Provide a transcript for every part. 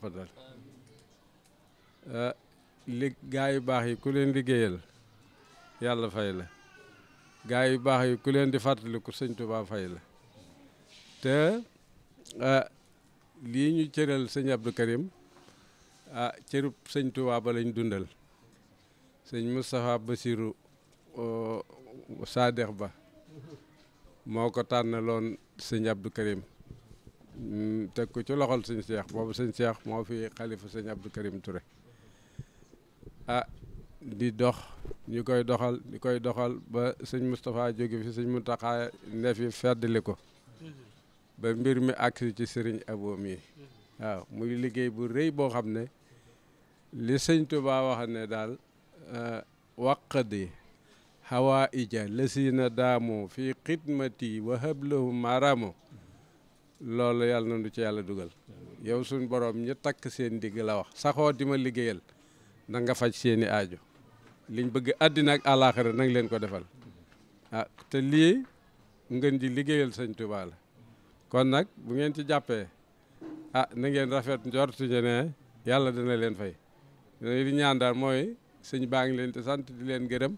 jàppandal eh, li gaa yu baax yi ku leen liggéeyal yàlla fay la gaa yu baax yi ku leen di fàttaliku sëñ Tuubaa fay la te eh, lii ñu cëral sëñ Abdou Karim ah cërub sëñ Tuubaa ba lañ dundal sëñ Moustapha Bassirou Sadex ba moo ko tànnaloon sëñ Abdou Karim Mm, teg ko ci loxol sëñ Cheikh boobu sëñ Cheikh moo fi xalifa sëñ Abdou Karim Touré ah di dox ñu koy doxal ñu koy doxal ba sëñ Moustapha jóge fi sëñ Mountakha ne fi feddali ko ba mbir mi agsi ci sëriñ Abo mi waaw muy liggéey bu rëy boo xam ne li sëñ Touba wax ne daal eh, waqdi hawa ija na daamu fi xidmati wa hablahum maramo loolu yàlla na nu ci yàlla dugal yow suñ boroom ñu takk seen digg la wax saxoo di ma liggéeyal na nga faj seeni aajo liñ bëgg àddina ak àllaaxira nang leen ko defal ah te lii ngeen di liggéeyal sëñ Tuubaa kon nag bu ngeen ci jàppee ah na ngeen rafet njortu ne yàlla dina leen fay li ñaan daal mooy sëñ baa ngi leen di sant di leen gërëm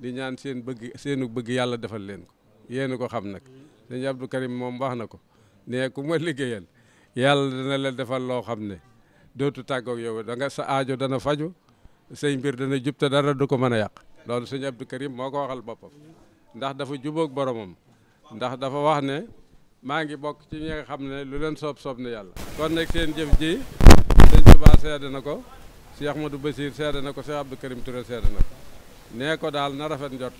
di ñaan seen bëgg seenu bëgg yàlla defal leen ko yéen ko xam nag sëñ Abdou Karim moom wax na ko ne ku ma liggéeyal yàlla dana leen defal loo xam ne dootu tàggoog yow da nga sa aajo dana faju say mbir dana jub te dara du ko mën a yàq loolu sëñ Abdou Karim moo ko waxal boppam ndax dafa jubóog boromam ndax dafa wax ne maa ngi bokk ci ñi nga xam ne lu leen soob soob ne yàlla. kon nag seen jëf ji sëñ Tuubaa seede na ko ma du Bassir seede na ko Cheikh Abdou Karim Touré seede na ko nee ko daal na rafet njot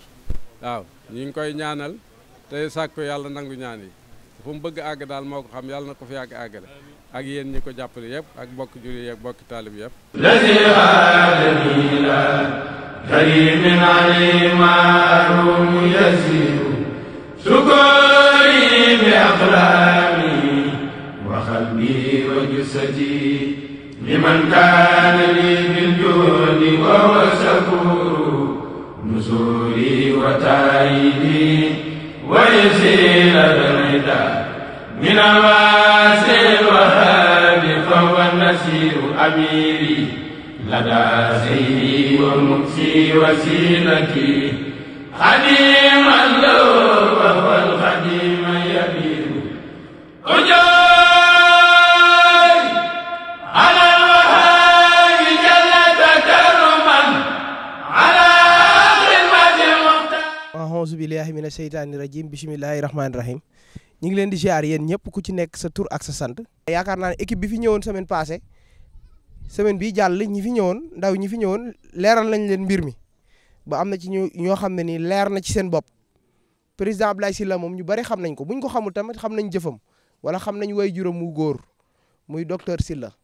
waaw ñu ngi koy ñaanal tey sàkku yàlla nangu ñaan yi. fu mu bëgg àgg daal moo ko xam yàlla na ko fi yàgg àggale ak yéen ñi ko jàppale yëpp ak bokki julli yeeg bokki taalib yëpp لمن كان لي بالجود وهو شكور نزولي وتأييدي ويسير الرداء من واسع الوهاب فهو النسير أميري لدى سيدي ومكسي وسيلتي خديما له وهو الخديم يبير أجاي على الوهاب جل تكرما على خدمة المختار أعوذ بالله من الشيطان الرجيم بسم الله الرحمن الرحيم ñu ngi leen di ziar yéen ñëpp ku ci nekk sa tur ak sa sant. yaakaar naa ne équipe bi fi ñëwoon semaine passée semaine bii jàll ñi fi ñëwoon ndaw ñi fi ñëwoon leeral nañ leen mbir mi ba am na ci ñu ñoo xam ne nii leer na ci seen bopp président Abdoulaye Sylla moom ñu bari xam nañ ko buñ ko xamul tamit xam nañ jëfam wala xam nañ way juróom mu góor muy docteur Sylla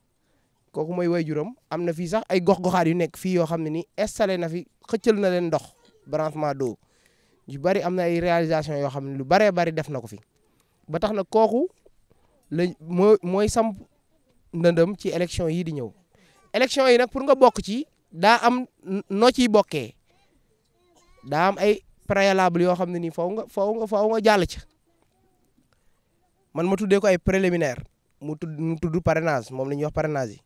kooku mooy way juróom am na fii sax ay gox-goxaat yu nekk fii yoo xam ne nii installé na fi xëccal na leen ndox branchement d'eau yu bari am na ay réalisation yoo xam ne lu baree bari def na ko fi. ba tax na kooku la moo mooy samp ndëndëm ci élection yi di ñëw élection yi nag pour nga bokk ci daa am noo ciy bokkee daa am ay préalable yoo xam ne nii faw nga faw nga faw nga jàll ca man ma tuddee ko ay préliminaire mu tudd mu tudd parrainage moom la ñuy wax parrainage yi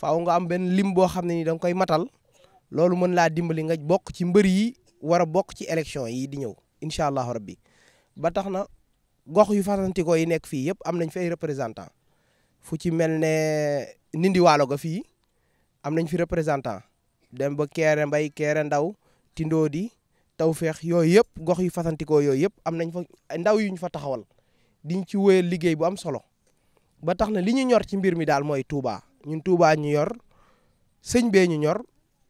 faaw nga am benn lim boo xam ne ni da nga koy matal loolu mën laa dimbali nga bokk ci mbër yi war a bokk ci élection yi di ñëw incha allahu rabbi ba tax na gox yu fasantikoo yi nekk fii yëpp am nañ fi représentant fu ci mel ne nindi waalo ga fii am nañ fi représentant dem ba Kéré Mbay Kéré Ndaw Tindoodi feex yooyu yëpp gox yu fasantikoo yooyu yëpp am nañ fa ndaw yu ñu fa taxawal diñ ci wéyal liggéey bu am solo ba tax na li ñu ñor ci mbir mi daal mooy Touba ñun Touba ñu yor sëñ bee ñu ñor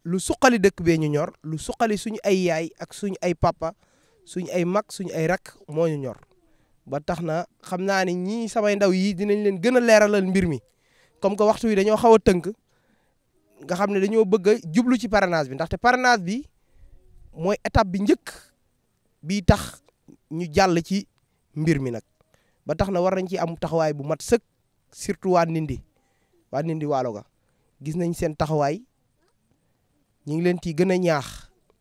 lu suqali dëkk bee ñu ñor lu suqali suñu ay yaay ak suñu ay papa suñ ay mag suñu ay rakk moo ñu ñor ba tax na xam naa ne ñii samay ndaw yi dinañ leen gën a leeralal mbir mi comme que waxtu wi dañoo xaw a tënk nga xam ne dañoo bëgg jublu ci parrainage bi ndaxte parrainage bi mooy étape bi njëkk bi tax ñu jàll ci mbir mi nag ba tax na war nañ ci am taxawaay bu mat sëkk surtout waa Ndindi waa Ndindi waalo ga gis nañ seen taxawaay ñu ngi leen ciy gën a ñaax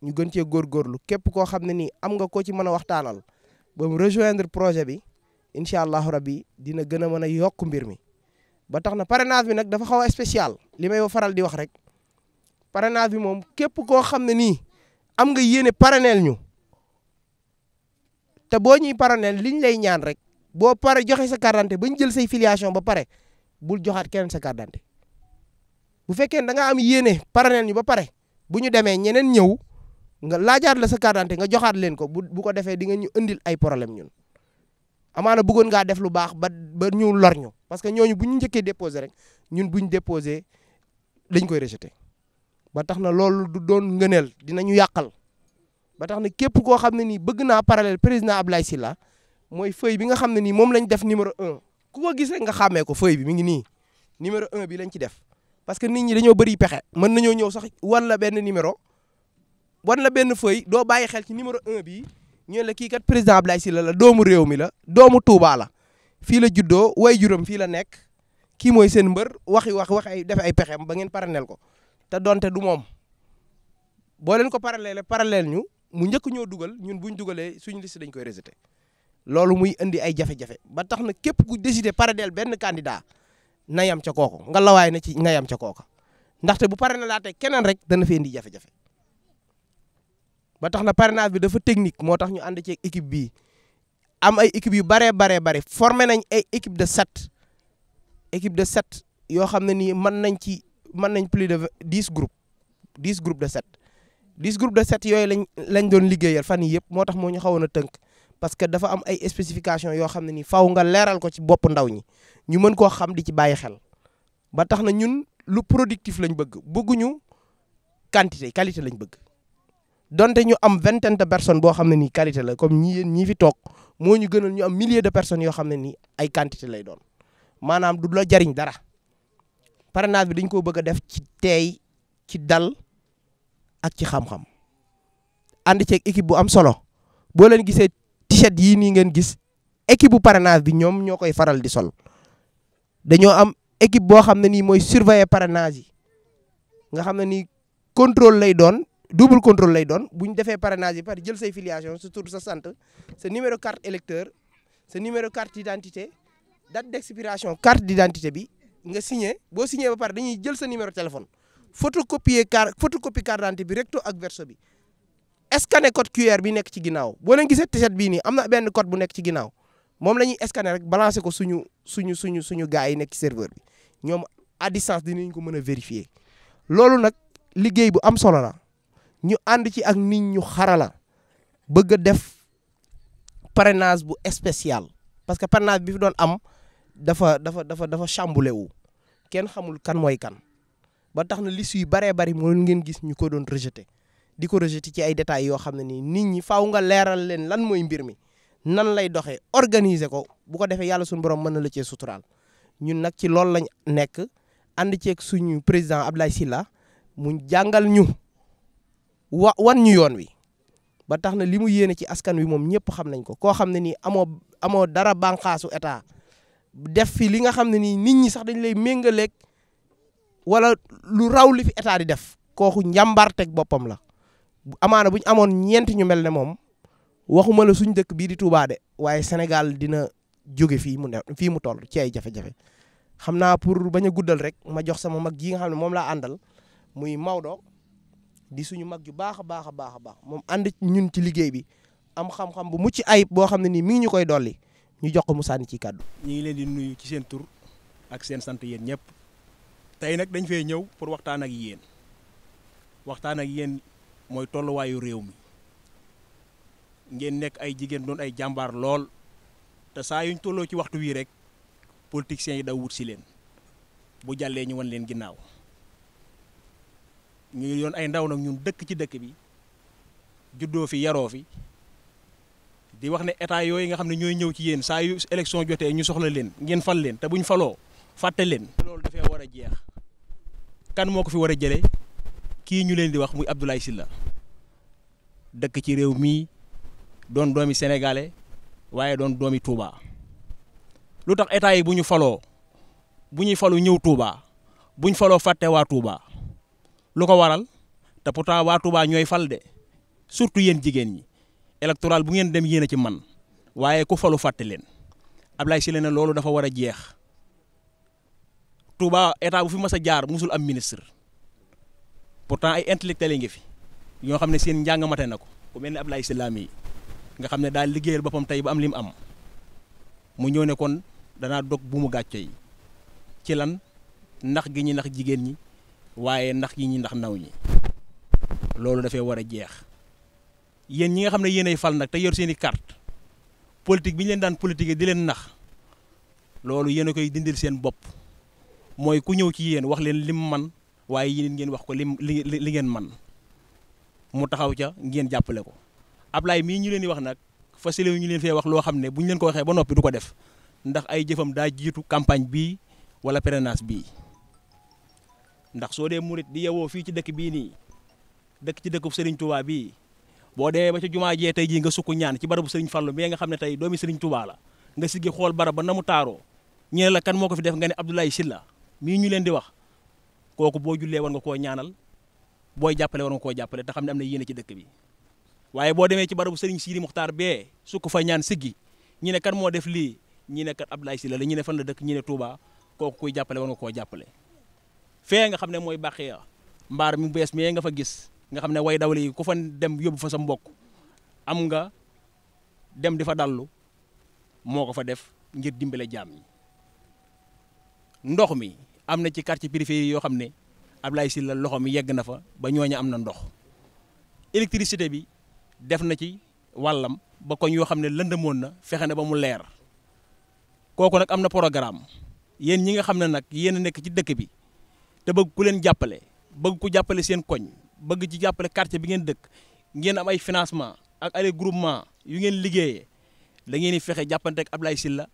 ñu gën cee góorgóorlu képp koo xam ne nii am nga koo ci mën a waxtaanal ba mu rejoindre projet bi incha allahu rabbi dina gën a mën a yokk mbir mi ba tax na parrainage bi nag dafa xaw a spécial li may faral di wax rek parrainage bi moom képp koo xam ne nii am nga yéene parrainel ñu te boo ñuy parrainel liñ lay ñaan rek boo pare joxe sa carte ba ñu jël say filiation ba pare bul joxaat keneen sa carte bu fekkee da nga am yéene parrainel ñu ba pare bu ñu demee ñeneen ñëw. nga laajaat la sa carte nga joxaat leen ko bu bu ko defee di nga ñu indil ay problème ñun amaana bëggoon ngaa def lu baax ba ba ñu lor ñu parce que ñooñu bu ñu njëkkee déposé rek ñun bu ñu déposé dañ koy rejeté ba tax na loolu du doon ngëneel dinañu yàqal ba tax na képp koo xam ne nii bëgg naa parallèle président Ablaye Sylla mooy feuille bi nga xam ne nii moom lañ def numéro un ku ko gis nga xàmmee ko feuille bi mu ngi nii numéro un bi lañ ci def parce que nit ñi dañoo bari pexe mën nañoo ñëw sax wan la benn numéro wan la benn feuille doo bàyyi xel ci numéro un bii ñu la kii kat président Abdoulaye Sylla la doomu réew mi la doomu Touba la fii la juddoo way juróom fii la nekk kii mooy seen mbër waxi wax wax ay def ay pexem ba ngeen parallèle ko te donte du moom boo leen ko parallèle parallèle ñu mu njëkk ñoo dugal ñun buñ dugalee suñ liste dañ koy rejeté loolu muy indi ay jafe-jafe ba tax na képp ku décidé parallèle benn candidat na yam ca kooku nga lawaay na ci nga yam ca kooka ndaxte bu parrainage laatee keneen rek dana fi indi jafe ba tax na parrainage bi dafa technique moo tax ñu ànd ci équipe bii am ay équipe yu baree baree bare formé nañ ay équipe de sept équipe de sept yoo xam ne nii mën nañ ci mën nañ plus de dix groupes dix groupes de sept dis groupes de sept yooyu lañ lañ doon liggéeyal fan yii yëpp moo tax moo ñu xawoon a tënk parce que dafa am ay spécification yoo xam ne nii faw nga leeral ko ci bopp ndaw ñi ñu mën koo xam di ci bàyyi xel ba tax na ñun lu productif lañ bëgg bëgguñu quantité qualité lañ bëgg. donte ñu am vingtaine de personnes boo xam ne ni qualité la comme ñi yéen ñii fi toog moo ñu gënal ñu am milliers de personnes yoo xam ne ni ay quantité lay doon maanaam du la jariñ dara parrainage bi dañ koo bëgg def ci teey ci dal ak ci xam ànd ceeg équipe bu am solo boo leen gisee t-shirt yii nii ngeen gis équipe bu parrainage bi ñoom ñoo koy faral di sol dañoo am équipe boo xam ne nii mooy surveiller parrainage yi nga xam ne nii contrôle lay doon double contrôle lay doon bu ñu defee parrainage yi par jël say filiation sa sa sant sa numéro carte électeur sa numéro carte d'identité date d'expiration carte d'identité bi nga signé boo signé ba pare dañuy jël sa numéro téléphone photocopier carte photocopie carte d'identité bi recto ak verso bi scanner code QR bi nekk ci ginnaaw boo leen gisee t set bii nii am na benn code bu nekk ci ginnaaw moom la ñuy scanner rek balancer ko suñu suñu suñu suñu gars yi nekk ci serveur bi ñoom à dinañ ko mën a vérifier loolu nag liggéey bu am solo la. ñu ànd ci ak nit ñu xarala bëgg def parrainage bu spécial parce que parrainage bi fi doon am dafa dafa dafa dafa chamboulé wu kenn xamul kan mooy kan ba tax na listu yu bare bari moo ngeen gis ñu ko doon rejeté di ko rejeté ci ay détails yoo xam ne nii nit ñi faw nga leeral leen lan mooy mbir mi nan lay doxee organiser ko bu ko defee yàlla suñu borom mën na la cee suturaal ñun nag ci loolu lañ nekk ànd ceeg suñu président Abdoulaye Sylla mu jàngal ñu wa wan ñu yoon wi ba tax na li mu yéene ci askan wi moom ñëpp xam nañ ko koo xam ne nii amoo amoo dara bànqaasu état def fi li nga xam ne nii nit ñi sax dañ lay lekk wala lu raw li fi état di def kooku teg boppam la amaan bu buñ amoon ñeent ñu mel ne moom waxuma la suñ dëkk bii di Touba de waaye Sénégal dina jóge fii mu ne fii mu toll ci ay jafe-jafe xam naa pour bañ a guddal rek ma jox sama mag ji nga xam ne moom laa àndal muy Maodo di suñu mag ju baax a baax a baax a baax moom ànd ñun ci liggéey bi am xam-xam bu mucc ayib boo xam ne nii mi ngi ñu koy dolli ñu jox ko mu sànni ci kàddu. ñu ngi leen di nuyu ci seen tur ak seen sant yéen ñëpp tey nag dañ fee ñëw pour waxtaan ak yéen waxtaan ak yéen mooy tolluwaayu réew mi ngeen nekk ay jigéen doon ay jàmbaar lool te saa yuñ tolloo ci waxtu wii rek politiciens yi daw wut si leen bu jàllee ñu wan leen ginnaaw. ñu yoon ay ndaw nag ñun dëkk ci dëkk bi juddoo fi yaroo fi di wax ne état yooyu nga xam ne ñooy ñëw ci yéen saa yu élection jotee ñu soxla leen ngeen fal leen te buñ faloo fàtte leen. loolu dafee war a jeex kan moo ko fi war a jële kii ñu leen di wax muy Abdoulaye Sylla dëkk ci réew mii doon doomi sénégalais waaye doon doomi Touba lu tax état yi bu ñu faloo bu ñuy falu ñëw Touba buñ faloo fàtte waa Touba. lu ko waral te pourtant waa Touba ñooy fal de surtout yéen jigéen ñi électoral bu ngeen dem yéen a ci man waaye ku falu fàtte leen Ablaye Sylla ne loolu dafa war a jeex Touba état bu fi mas a jaar musul am ministre pourtant ay intellectuels ngi fi ñoo xam ne seen njàng na ko ku mel ne Ablaye Sylla mi nga xam ne daal liggéeyal boppam tey ba am li am mu ñëw nekkoon kon danaa dog bu mu gàcce yi ci lan ndax gi ñi nax jigéen ñi. waaye nax yi ñi ndax naw ñi loolu dafay war a jeex yéen ñi nga xam ne yéen ay fal nag te yor seen i carte politique bi ñu leen daan politique di leen nax loolu yéen a koy dindil seen bopp mooy ku ñëw ci yéen wax leen lim man waaye yéen ngeen wax ko lim li li ngeen man mu taxaw ca ngeen jàppale ko Ablaye mii ñu leen di wax nag facile wu ñu leen fee wax loo xam ne bu ñu leen ko waxee ba noppi du ko def ndax ay jëfam daa jiitu campagne bii wala parrainage bii ndax soo dee murit di yewoo fii ci dëkk bii nii dëkk ci dëkku Serigne Touba bii boo demee ba ca jumaa jee tey jii nga sukk ñaan ci barabu Serigne Fallou mais nga xam ne tey doomi Serigne Touba la nga siggi xool barab ba na mu taaroo ñu ne la kan moo ko fi def nga ne Abdoulaye Sylla mii ñu leen di wax kooku boo jullee war nga koo ñaanal booy jàppale war koo jàppale te xam na yéene ci dëkk bi waaye boo demee ci barabu Serigne Sidi Muxtaar bee sukk fa ñaan siggi ñu ne kan moo def lii ñi ne kat Abdoulaye Sylla la ñu ne fan la dëkk ñi ne Touba kooku kuy jàppale war nga koo jàppale fee nga xam ne mooy Baxiya mbaar mu bees mi nga fa gis nga xam ne way dawle yi ku fa dem yóbbu fa sa mbokk am nga dem di fa dallu moo ko fa def ngir dimbale jaam ñi ndox mi am na ci quartier périphérie yoo xam ne Ablaye Sylla loxo mi yegg na fa ba ñooñ am na ndox électricité bi def na ci wàllam ba koñ yoo xam ne lëndëmoon na fexe na ba mu leer kooku nag am na programme yéen ñi nga xam ne nag yéen a nekk ci dëkk bi te bëgg ku leen jàppale bëgg ku jàppale seen koñ bëgg ci jàppale quartier bi ngeen dëkk ngeen am ay financement ak ay groupement yu ngeen liggéeyee da ngeen di fexe jàppante ak Ablaye Sylla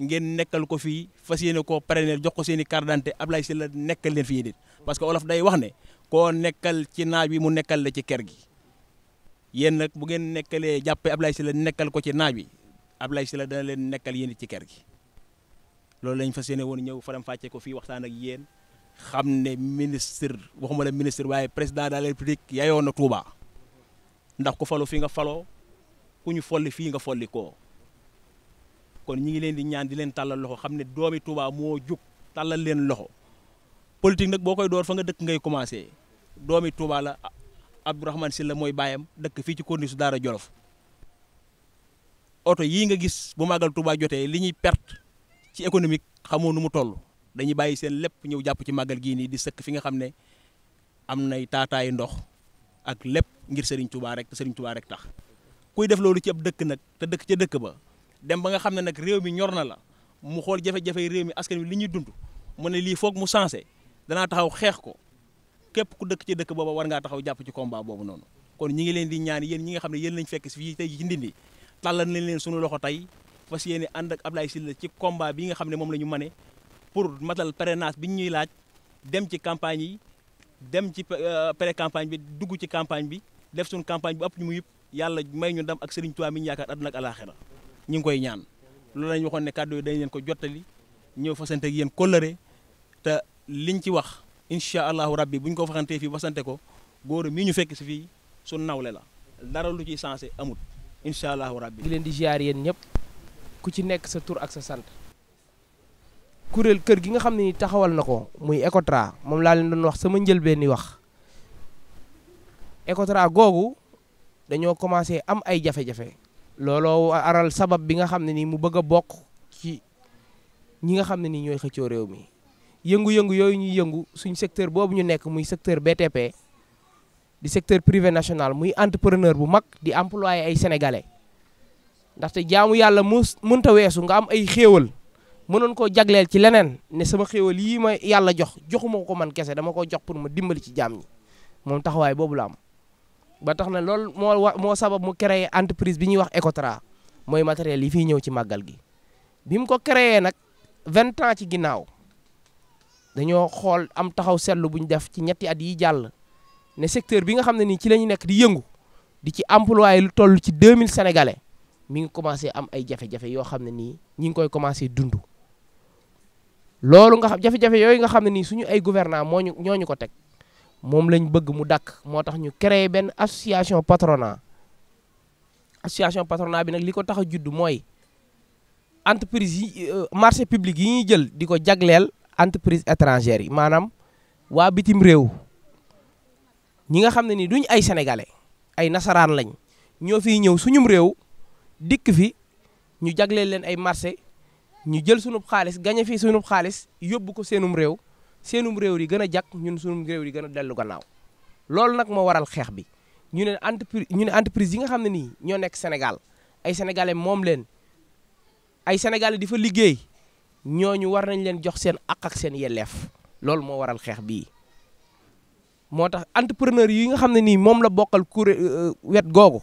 ngeen nekkal ko fii fas yéene koo parrainer jox ko seen i carte ab Ablaye Sylla nekkal leen fii dit parce que olof day wax ne koo nekkal ci naaj bi mu nekkal la ci ker gi yéen nag bu ngeen nekkalee jàppee Ablaye Sylla nekkal ko ci naaj bi Ablaye Sylla dana leen nekkal yéen ci ker gi loolu lañ fas yéene woon ñëw faram fàcce ko fii waxtaan ak yéen xam ne ministre waxuma la ministre waaye président daal la république yayoo a Touba ndax ku falu fi nga faloo ku ñu folli fii nga folli koo kon ñi ngi leen di ñaan di leen tàllal loxo xam ne doomi Touba moo jug tàllal leen loxo politique nag boo koy door fa nga dëkk ngay commencé doomi Touba la si la mooy baayam dëkk fii ci corniche su Daara Jolof oto yii nga gis bu màggal Touba jotee li ñuy perte ci économique xamoo nu mu toll dañuy bàyyi seen lépp ñëw jàpp ci màggal gii nii di sëkk fi nga xam ne am na nay taataayu ndox ak lépp ngir Serigne tubaa rek te Serigne Touba rek tax kuy def loolu ci ab dëkk nag te dëkk ca dëkk ba dem ba nga xam ne nag réew mi ñor na la mu xool jafe-jafe réew mi askan wi li ñuy dund mu ne lii foog mu sensé danaa taxaw xeex ko képp ku dëkk ca dëkk booba war ngaa taxaw jàpp ci combat boobu noonu kon ñi ngi leen di ñaan yéen ñi nga xam ne yéen lañ fekk si fii tey ci ndindi tàllal nañ leen sunu loxo tey fas yéene ànd ak Ablaye Sylla ci combat bi nga xam ne moom la ñu mane pour matal parrainage bi ñuy laaj dem ci campagne yi dem ci euh, pré campagne bi dugg ci campagne bi def suñu campagne bu ëpp ñu mu yëpp yàlla may ñu ndam ak Serigne Touba mi ñu yaakaar àdduna ak alaaxira ñu ngi koy ñaan loolu lañ waxoon ne kàddu yi dañ leen ko jottali ñëw fasante ak yéen kóllëre te liñ ci wax incha allahu rabbi bu ñu ko faxantee fii fasante ko góor mii ñu fekk si fii su nawle la dara lu ci sensé amut incha allahu rabbi di leen di ziar yéen ñëpp ku ci nekk sa tur ak sa sant kuréel kër gi nga xam ne ni taxawal na ko muy ECOTRA moom laa leen doon wax sama njëlbeen ni wax ECOTRA googu dañoo commencé am ay jafe-jafe looloo aral sabab bi nga xam ne ni mu bëgg a bokk ci ñi nga xam ne ni ñooy xëccoo réew mi yëngu-yëngu yooyu ñuy yëngu suñ secteur boobu ñu nekk muy secteur BTP di secteur privé national muy entrepreneur bu mag di employé ay sénégalais ndaxte jaamu yàlla mu mënta weesu nga am ay xéewal mënoon koo jagleel ci leneen ne sama xéewal yii ma yàlla jox joxuma ko man kese dama ko jox pour ma dimbali ci jaam ñi moom taxawaay boobu la am ba tax na lool moo moo sabab mu créé entreprise bi ñuy wax Ecotra mooy matériel yi fiy ñëw ci màggal gi bi mu ko créé nag vingt ans ci ginnaaw dañoo xool am taxaw seetlu bu ñu def ci ñetti at yi jàll ne secteur bi nga xam ne nii ci la ñu nekk di yëngu di ci employé lu toll ci 2000 sénégalais mi ngi commencé am ay jafe yoo xam ne nii ñi ngi koy commencé dund loolu nga xam jafe-jafe yooyu nga xam ne nii suñu ay gouvernant moo ñu ñoo ñu ko teg moom lañ bëgg mu dakk moo tax ñu créer benn association patronat association patronat bi nag li ko tax a judd mooy entreprise yi euh, marché public yi ñuy jël di ko jagleel entreprise étrangère yi maanaam waa bitim réew ñi nga xam ne ni duñ ay sénégalais ay nasaraan lañ ñoo fiy ñëw suñum réew dikk fi ñu jagleel leen ay marché ñu jël sunub xaalis gañe fi sunub xaalis yóbbu ko seenum réew seenum réew yi gën a jàkk ñun sunum réew yi gën a dellu gannaaw loolu nag moo waral xeex bi ñu ne entreprise ñu ne entreprise yi nga xam ne nii ñoo nekk Sénégal ay sénégalais moom leen ay sénégalais di fa liggéey ñooñu war nañ leen jox seen ak seen yelleef loolu moo waral xeex bii moo tax entrepreneur yi nga xam ne nii moom la bokkal kuréel euh, wet googu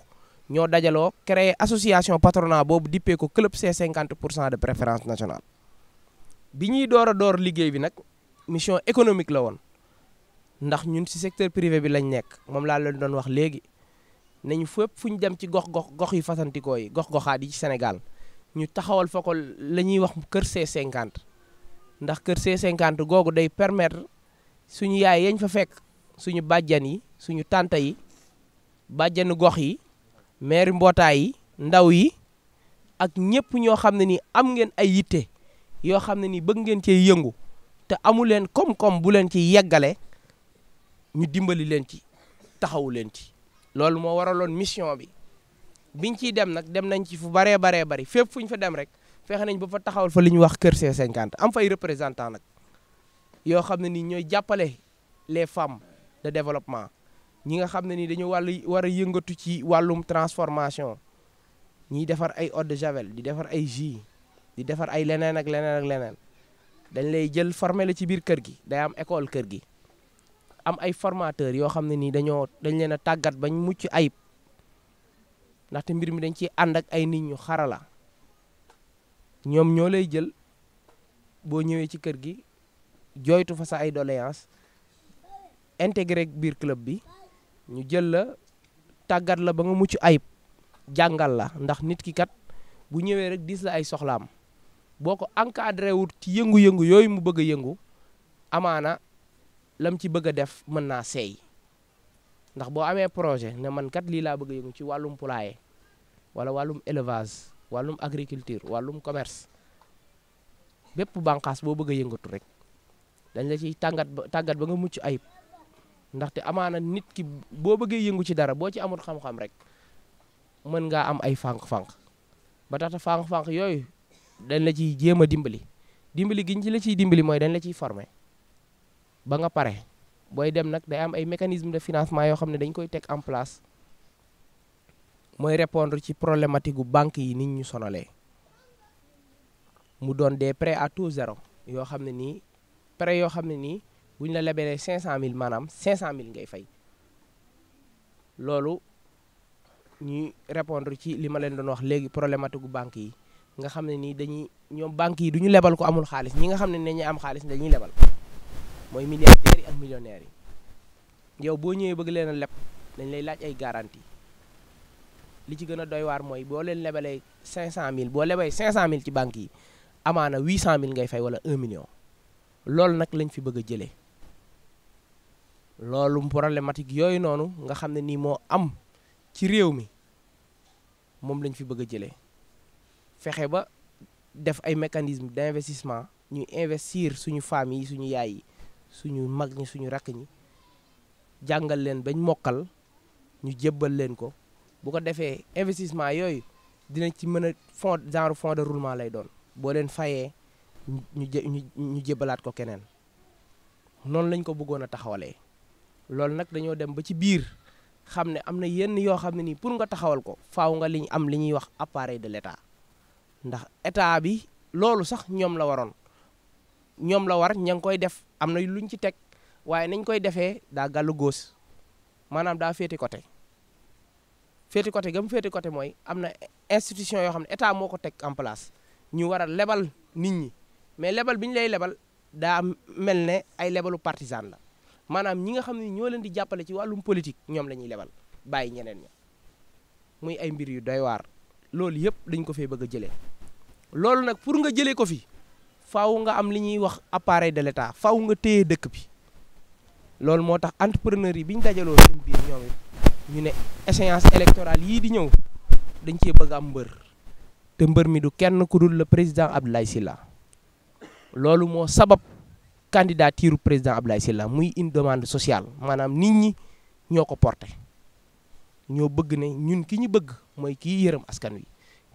ñoo dajaloo créer association patronat boobu dippee ko club C50 pour cent de préférence nationale. bi ñuy door a door liggéey bi nag mission économique la woon ndax ñun si secteur privé bi lañ nekk moom laa leen doon wax léegi ñu fépp fu ñu dem ci gox gox gox yi fasantikoo yi gox goxaat yi ci Sénégal ñu taxawal fa ko la ñuy wax kër C50 ndax kër C50 googu day permettre suñu yaay yañ fa fekk suñu bàjjan yi suñu tànta yi bàjjanu gox yi maire mbootaay yi ndaw yi ak ñëpp ñoo xam ne ni am ngeen ay yitte yoo xam ne ni bëgg ngeen cee yëngu te amu leen koom bu leen ci yeggale ñu dimbali leen ci taxawu leen ci loolu moo waraloon mission bi biñ ciy dem nag dem nañ ci fu baree baree bari fépp fu ñu fa dem rek fexe nañ ba fa taxawul fa li ñuy wax kër C50 am fay représentant nag yoo xam ne ni ñooy jàppale les femmes de développement ñi nga xam ne ni dañoo wàll war a yëngatu ci wàllum transformation ñiy defar ay eau de javel di defar ay jus di defar ay leneen ak leneen ak leneen dañ lay jël formé la ci biir kër gi day am école kër gi am ay formateurs yoo xam ne nii dañoo dañ leen a tàggat bañ mucc ayib ndaxte mbir mi dañ ciy ànd ak ay nit ñu xarala ñoom ñoo lay jël boo ñëwee ci kër gi jooytu fa sa ay doléance intégré biir club bi ñu jël la tàggat la ba nga mucc ayib jàngal la ndax nit ki kat bu ñëwee rek diis la ay soxlaam boo ko encadré wut ci yëngu-yëngu yooyu mu bëgg a yëngu amaana lam ci bëgg a def mën naa seey ndax boo amee projet ne man kat lii laa bëgg yëngu ci wàllum poulailler wala wàllum élevage wàllum agriculture wàllum commerce bépp bànqaas boo bëgg yëngatu rek dañ la ciy tàngat tàggat ba nga mucc ayib ndaxte amaana nit ki boo bëggee yëngu ci dara boo ci amul xam-xam rek mën ngaa am ay fanq fànq ba tax fànq fanq yooyu dañ la ciy jéem a dimbali dimbali gi ci la ciy dimbali mooy dañ la ciy former ba nga pare booy dem nag day am ay mécanisme de financement yoo xam ne dañ koy teg en place mooy répondre ci problématique gu banque yi nit ñu sonalee mu doon des prêts à taux zéro yoo xam ne nii pre yoo xam ne nii bu ñu la lebelee 500000 maanaam 500000 ngay fay loolu ñuy répondre ci li ma leen doon wax léegi problématique gu banque yi nga xam ne nii dañuy ñoom banque yi du ñu lebal ko amul xaalis ñi nga xam ne ne ñu am xaalis dañuy lebal mooy milliardaires yi ak millionnaires yi yow boo ñëwee bëgg leen a leb dañ lay laaj ay garantie li ci gën a doy waar mooy boo leen lebalee cinq cent 500000 boo lebee 500000 ci banque yi amaana 800000 ngay fay wala 1 million loolu nag lañ fi bëgg a jëlee. loolu problématique yooyu noonu nga xam ne nii moo am ci réew mi moom lañ fi bëgg a jëlee fexe ba def ay mécanisme d'investissement ñuy investir suñu femmes yi suñu yaay yi suñu mag ñi suñu rakk ñi jàngal leen bañ mokkal ñu jébbal leen ko bu ko defee investissement yooyu dinañ ci mën a fond genre fond de roulement lay doon boo leen fayee ñu ñu jébbalaat ko keneen noonu lañ ko buggoon a taxawalee loolu nag dañoo dem ba ci biir xam ne am na yenn yoo xam ne nii pour nga taxawal ko faaw nga liñ am li ñuy wax appareil de l'État ndax état bi loolu sax ñoom la waroon ñoom la war ña ngi koy def am na luñ ci teg waaye nañ koy defee daa gàllu góos maanaam daa féeti côté féeti côté gam féeti côté mooy am na institution yoo xam ne état moo ko teg en place ñu war lebal nit ñi mais lebal biñ lay lebal daa mel ne ay lebalu partisan la maanaam ñi nga xam ni ñoo leen di jàppale ci wàllum politique ñoom lañuy ñuy lebal bàyyi ñeneen ña muy ay mbir yu day waar loolu yëpp dañ ko fee bëgg a jële loolu nag pour nga jëlee ko fi faw nga am li ñuy wax appareil de l'État faw nga téye dëkk bi loolu moo tax entrepreneur yi bi ñu dajaloo seen biir ñoom ñu ne échéance électorale yii di ñëw dañ cee bëgg am mbër te mbër mi du kenn ku dul le président Abdoulaye Sylla loolu moo sabab candidature président Abdoulaye Sylla muy une demande sociale maanaam nit ñi ñoo ko porté ñoo bëgg ne ñun ki ñu bëgg mooy kii yërëm askan wi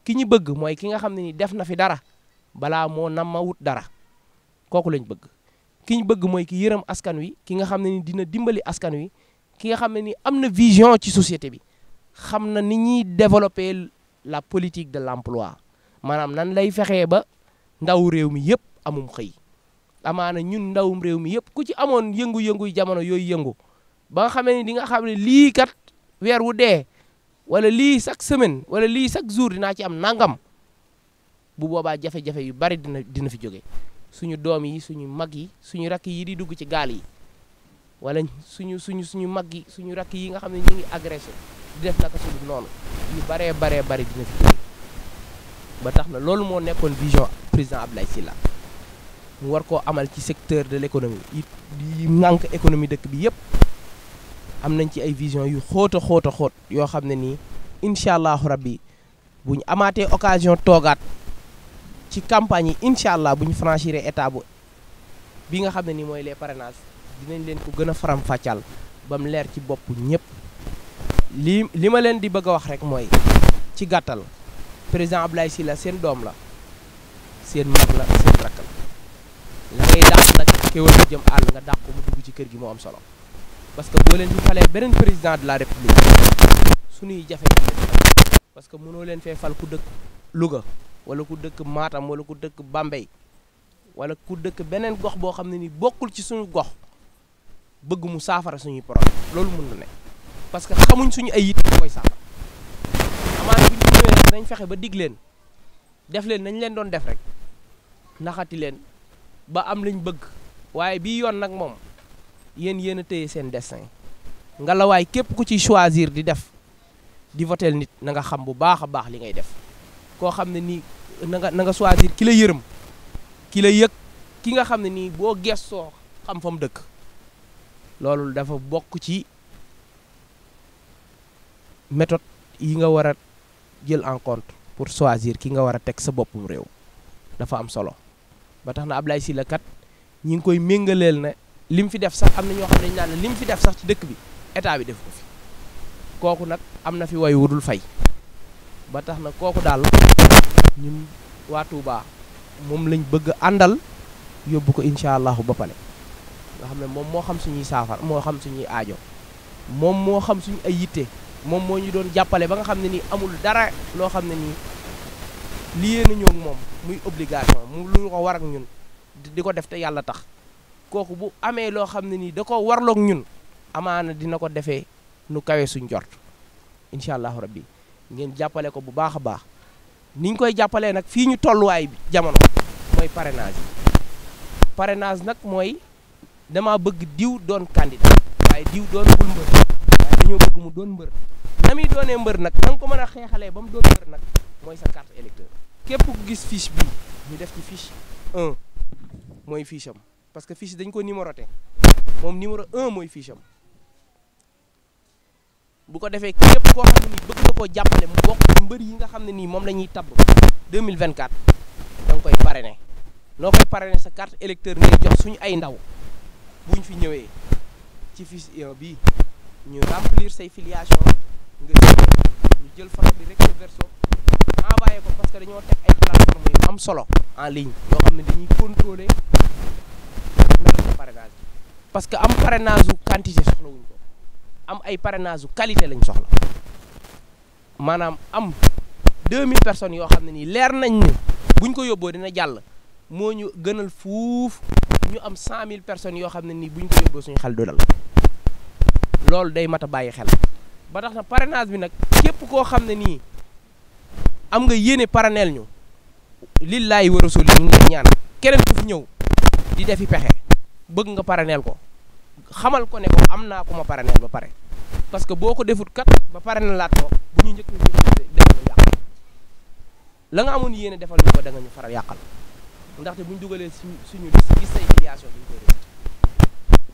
ki ñu bëgg mooy ki nga xam ne ni def na fi dara balaa moo nam ma wut dara kooku lañ bëgg ki ñu bëgg mooy ki yërëm askan wi ki nga xam ne ni dina dimbali askan wi ki nga xam ne ni am na vision ci société bi xam na ni ñuy développer la politique de l'emploi maanaam nan lay fexee ba ndaw réew mi yëpp amum xëy amaana ñun ndawum réew mi yëpp ku ci amoon yëngu-yëngu jamono yooyu yëngu ba nga xamee ni di nga xam ne lii kat weer wu dee wala lii chaque semaine wala lii chaque jour dinaa ci am nangam bu boobaa jafe-jafe yu bari dina dina fi jóge suñu doom yi suñu mag yi suñu rakk yi di dugg ci gaal yi wala suñu suñu suñu mag yi suñu rakk yi nga xam ne ñu ngi agressé di def naka suñu noonu yu baree baree bari dina fi jóge ba tax na loolu moo nekkoon vision président Abdoulaye Sylla mu war koo amal ci secteur de l'économie yi ŋànk économie dëkk bi yëpp am nañ ci ay vision yu xóot a xóot a xóot yoo xam ne nii incha allahu rabbi bu ñu amaatee occasion toogaat ci campagne yi incha allah bu ñu franchir état bu bi nga xam ne nii mooy les parrainages dinañ leen ko gën a faram ba mu leer ci bopp ñëpp li li ma leen di bëgg a wax rek mooy ci gàttal président si la seen doom la seen mag la seen rakk la la ngay dàq nag kéwal bu jëm àll nga dàq ko mu dugg ci kër gi moo am solo parce que boo leen fi falee beneen président de la république suñuy jafe-jafe parce que mënoo leen fee fal ku dëkk Louga wala ku dëkk Matam wala ku dëkk Bambey wala ku dëkk beneen gox boo xam ne ni bokkul ci suñu gox bëgg mu saafara suñuy problème loolu mën na ne parce que xamuñ suñu ay yitte koy saafara amaana bu ñu ñëwee dañ fexe ba dig leen def leen nañ leen doon def rek naxati ba am liñ bëgg waaye bii yoon nag moom yéen yéen a téye seen destin ngalawaay képp ku ci choisir di def di votel nit na nga xam bu baax a baax li ngay def koo xam ne nii nanga nga nga choisir ki yërëm ki yëg ki nga xam ne nii boo gestoo xam fa mu dëkk loolu dafa bokk ci méthode yi nga war a jël en compte pour choisir ki nga war a teg sa boppum réew dafa am solo ba tax na Ablaye Sylla kat ñi ngi koy méngaleel na lim fi def sax am na ñoo xam ne ñu naan la lim fi def sax ci dëkk bi état bi def ko fi kooku nag am na fi way wudul fay ba tax na kooku daal ñun waa Touba moom lañ bëgg àndal yóbbu ko incha allahu ba pale nga xam ne moom moo xam suñuy saafara moo xam suñuy aajo moom moo xam suñu ay yitte moom moo ñu doon jàppale ba nga xam ne nii amul dara loo xam ne nii liyee nañu ak moom muy obligation mu lu ko war ak ñun di ko def te yàlla tax kooku bu amee loo xam ne nii da ko warloog ñun amaana dina ko defee nu kawe suñ jort incha allahu rabbi ngeen jàppale ko bu baax a baax niñ koy jàppalee nag fii ñu tolluwaay bi jamono mooy parrainage yi parrainage nag mooy dama bëgg diw doon candidat waaye diw doon bul mbër waaye dañoo bëgg mu doon mbër na muy doonee mbër nag na ko mën a xeexalee ba mu doon mbër nag mooy sa carte électeur képp gis fiche bi ñu def ci fiche un mooy fiche parce que fiche dañ ko numéroté moom numéro un mooy fiche bu ko defee képp koo xam ne bëgg na koo jàppale mu bokk mbër yi nga xam ne nii moom la ñuy tabb 2024 da nga koy parrainé noo koy parrainé sa carte électeur ngay jox suñu ay ndaw bu ñu fi ñëwee ci fiche un bii ñu remplir say filiation nga ñu jël photo bi recto verso envoyé ko parce que dañoo teg ay plateforme yu am solo en ligne yoo xam ne dañuy contrôler melo parrainage parce que am parrainage u quantité soxlawuñ am ay parrainage u qualité lañ soxla maanaam am 2000 personnes yoo xam ne nii leer nañ ne buñ ko yóbboo dina jàll moo ñu gënal fuuf ñu am 100000 personnes yoo xam ne nii buñ ko suñu xel dal loolu day mat a bàyyi xel ba tax bi nag képp koo xam ne nii. am nga yéene paraneel ñu lillaay wa rasuli ñu ngi ñaan keneen ku fi ñëw di def defi pexe bëgg nga paraneel ko xamal ko ne ko am naa ko ma paraneel ba pare parce que boo ko defut kat ba paraneelaat ko bu ñu njëkk defal ñu yàqal la nga amoon yéene defal ñu ko da ñu faral yàqal ndaxte bu ñu dugalee suñu gis say filiation bi ñu koy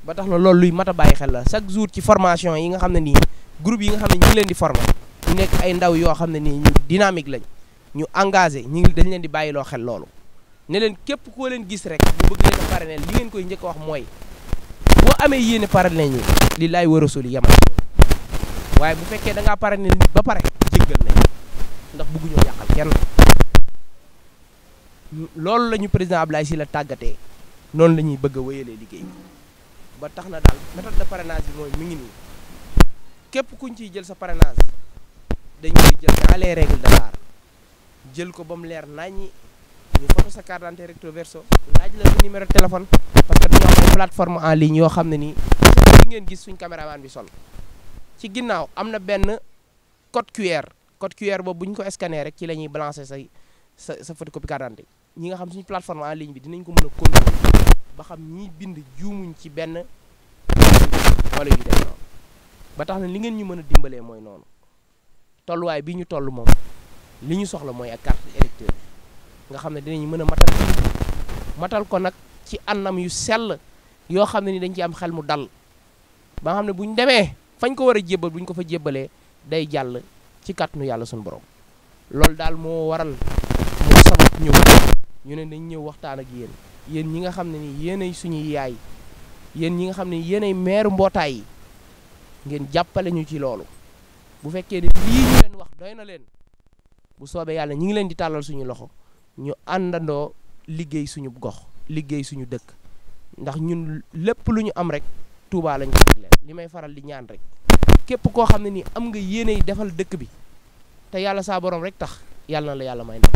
ba tax la loolu luy mat a xel la chaque jour ci formation yi nga xam ne nii groupe yi nga xam ne ñu leen di former ñu nekk ay ndaw yoo xam ne nii ñu dynamique lañ ñu engagé ñu dañ leen di bàyyiloo xel loolu ne leen képp koo leen gis rek ñu bëgg leen a parrainer li ngeen koy njëkk a wax mooy boo amee yéene parrainer ñu li laay war a soli yamal waaye bu fekkee dangaa ngaa parrainer ba pare jéggal nañ ndax bëgguñoo yàqal kenn loolu la ñu président si la tàggatee noonu lañuy bëgg a wéyalee liggéey ba tax na daal méthode de parrainage bi mooy mi ngi nii képp kuñ ciy jël sa parrainage dañ koy jël dans les règles de jël ko ba mu leer naññi ñu foto sa carte d'identité recto verso sa numéro téléphone parce que dañoo am plateforme en ligne yoo xam ne nii li ngeen gis suñ caméraman bi sol ci ginnaaw am na benn code QR code QR boobu bu ñu ko scanné rek ci la ñuy balancer say sa sa photocopie carte ñi nga xam suñu plateforme en ligne bi dinañ ko mën a contrôler ba xam ñi bind juumuñ ci benn wala yu dem noonu ba tax na li ngeen ñu mën a dimbalee mooy noonu tolluwaay bii ñu toll moom li ñu soxla mooy ak carte électeur nga xam ne dinañ mën a matal matal ko nag ci anam yu sell yoo xam ne ni dañ ci am xel mu dal ba nga xam ne bu ñu demee fañ ko war a jébbal bu ñu ko fa jébbalee day jàll ci kàttanu yàlla suñu borom loolu daal moo waral moo sabab ñëw ñu ne dañ ñëw waxtaan ak yéen yéen ñi nga xam ne ni yéenay suñu yaay yéen ñi nga xam ne yéenay meeru mbootaay yi ngeen jàppale ñu ci loolu bu fekkee doy na leen bu soobee yàlla ñi ngi leen di tàllal suñu loxo ñu àndandoo liggéey suñu gox liggéey suñu dëkk ndax ñun lépp lu ñu am rek Touba lañ ko li may faral di ñaan rek képp koo xam ne nii am nga yéeney defal dëkk bi te yàlla saa boroom rek tax yàlla na la yàlla may ndam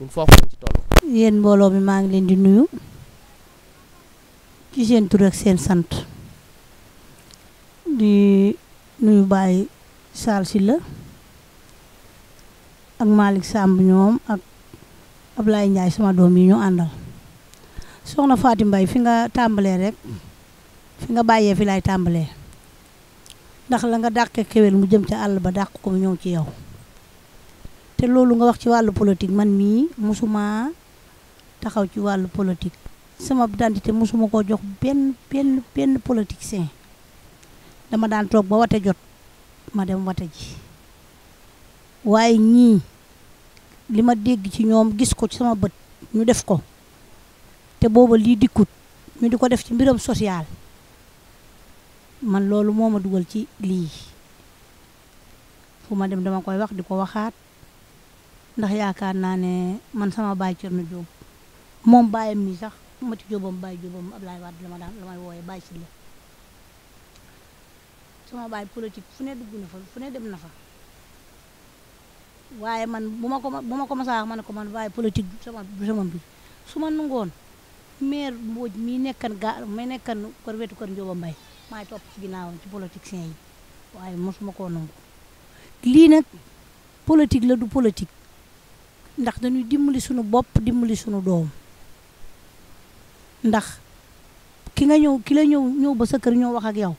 ñun foofu lañ ci toll. yéen mbooloo mi maa ngi leen di nuyu ci seen tur ak seen sant di nuyu bàyyi. si Sylla ak Malick Samb ñoom ak ab lay njaay sama doom yi ñu àndal soxna Faati Mbay fi nga tàmbalee rek fi nga bàyyee fi laay tàmbalee ndax la nga dàqee xewel mu jëm ca àll ba dàq ko mu ñëw ci yow te loolu nga wax ci wàllu politique man mii mosuma taxaw ci wàllu politique sama identité mosuma koo jox benn benn benn politicien dama daan toog ba wate jot ma dem wate ji waaye ñii li ma dégg ci ñoom gis ko ci sama bët ñu def ko te booba lii dikkut ñu di ko def ci mbiram social man loolu moo ma dugal ci lii fu ma dem dama koy wax di ko waxaat ndax yaakaar naa ne man sama baay Cerno Jóob moom baayam mi sax ma ci jóobam baay jóobam Ablaay Wàdd la ma daan la may wooye baay si suma baay politique fu ne dugg na fa fu dem na fa waaye man bu ma ko bu ma ko masaa wax ma ne ko man waaye politique sama sama mbir su ma nangoon maire Mbodj mii nekkan ga may nekkan kër wetu kër Njóoba Mbay maay topp ci ginnaawam ci politiciens yi waaye mosuma koo nangu lii nag politique la du politique ndax dañuy dimbali sunu bopp dimbali suñu doom ndax ki nga ñëw ki la ñëw ñëw ba sa kër ñëw wax ak yow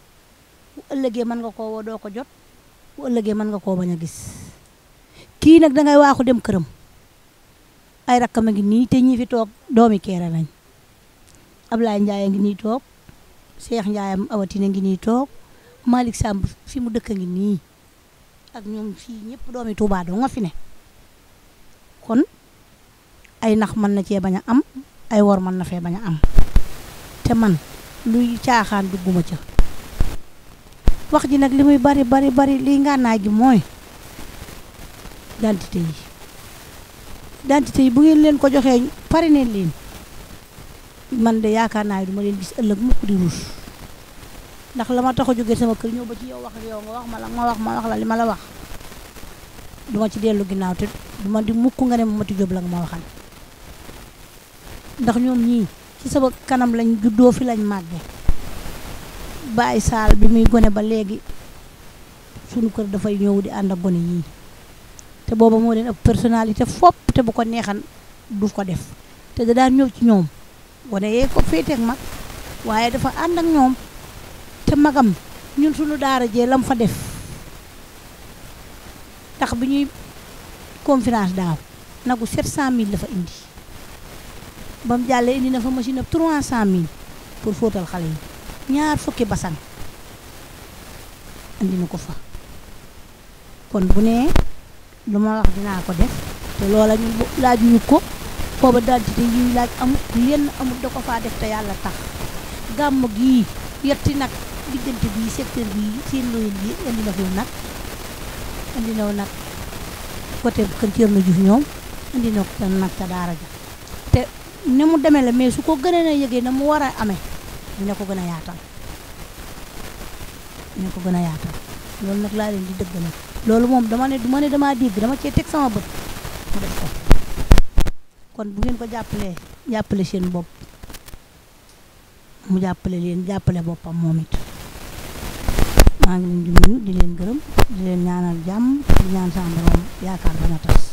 bu ëllëgee mën nga ko woo doo ko jot bu ëllëgee mën nga koo bañ a gis kii nag dangay waaxu dem këram ay rakkam a ngi nii te ñi fi toog doomi kere lañ Ablaye Ndiaye a ngi nii toog Cheikh Ndiaye awatina ngi nii toog Malick Samb fi mu dëkk a ngi nii ak ñoom fii ñëpp doomi Touba doo nga fi ne kon ay nax man na cee bañ a am ay wor mën na fee bañ am te man luy caaxaan dugguma ca wax ji nag li muy bari bari bari lii ngànnaay gi mooy dantite yi dentité yi bu ngeen leen ko joxee pare neen leen man de yaakaar naa du ma leen gis ëllëg mukk di ruus ndax la ma tax a jógee sama kër ñëw ba ci yow wax ak yow nga wax ma la ma wax ma wax la li ma la wax duma ci dellu ginnaaw te duma di mukk nga ne ma mati jóob la nga ma waxal ndax ñoom ñii ci sama kanam lañ juddoo fi lañ màgge Baye saal bi muy gone ba léegi sunu kër dafay ñëw di ànd ak gone yii te booba moo leen ab personnalité fopp te bu ko neexan du ko def te da daan ñëw ci ñoom gone yee ko féeteeg mag waaye dafa ànd ak ñoom te magam ñun suñu daara jee lam fa def ndax bu ñuy conférence daaw nagu 700000 la fa indi ba mu jàllee indi na fa machine ab 300000 pour fóotal xale yi. ñaar fukki basan andi na ko fa kon bu nee lu ma wax dinaa ko def te loola ñu laaj ñu ko booba daal di te yuy laaj amut lenn amut da ko faa def te yàlla tax gàmm gii yetti nag diggante bi secteur bi seen loolu yi indi na fi nag indi na nag côté kër Thierno Diouf ñoom indi na ko nag ca daara ja te ni mu demee la mais su ko gënee na yëgee nag mu war a amee dina ko gën a yaatal dina ko gën a yaatal loolu nag laa leen di dëggalal loolu moom dama ne du ma ne dama cee teg sama bët kon bu ngeen ko jàppalee jàppale seen bopp mu jàppale leen jàppale boppam moom it maa ngi leen di nuyu di leen gërëm di leen ñaanal jàmm di ñaan sa borom yaakaar ba tas